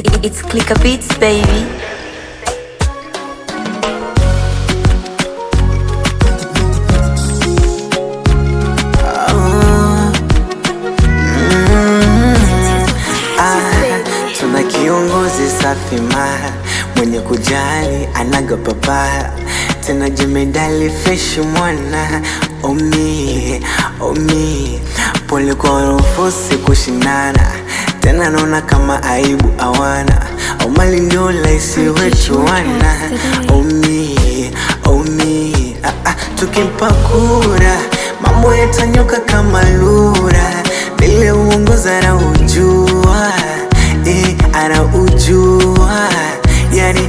It, it, it's Clicker Beats, baby. Oh. tuna kiongozi safi mwenye kujali anaga papa tena jemedali freshi mwana omi omi pole kwa rufusi kushindana tena naona kama aibu awana Omali mali ndio laisi wetu wana omi omi ah, ah, tukimpa kura mambo yatanyoka kama lura vile uongozi anaujua eh, anaujua yani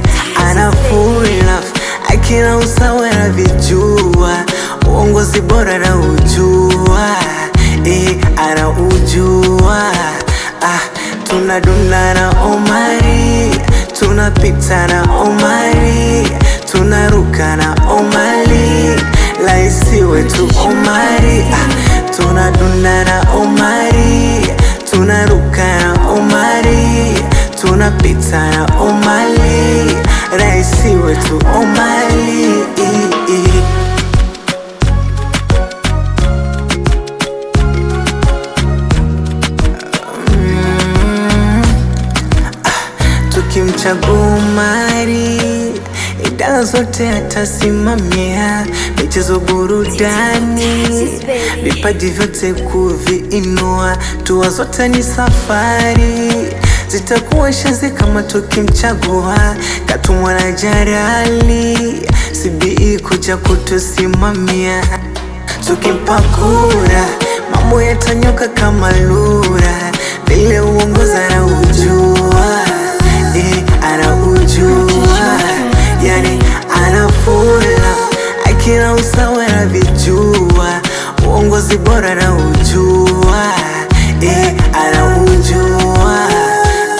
love akina usawa na vijua uongozi bora na ujua tunadunda na Omari, oh tunapita na Omari, oh tunaruka na Omari, oh laisiwe tu Omari. Ah, tunadunda na Omari, tunaruka na Omari, tunapita na Omari, laisiwe tu Omari. ukimchagua mari idara zote atasimamia, michezo, burudani, vipaji vyote kuviinua, tua zote ni safari zitakuwa shazi kama tukimchagua, katu mwana jarali sibi kuja kutusimamia, tukimpa kura mambo yatanyoka kama lura Kiongozi bora na ujua eh, anaujua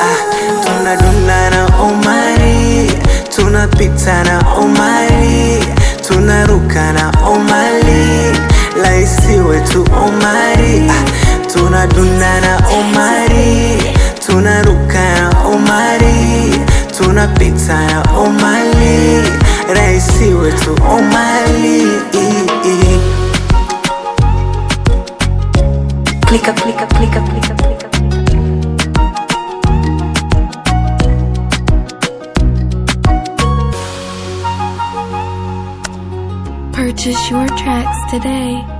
ah, tunadunda na Omari, tunapita na Omari, tunaruka na Omari, laisi wetu Omari ah, tunadunda na Omari, tunaruka na Omari, tunapita na Omari, raisi wetu Omari. clica, clica, clica, clica, clica. Purchase your tracks today.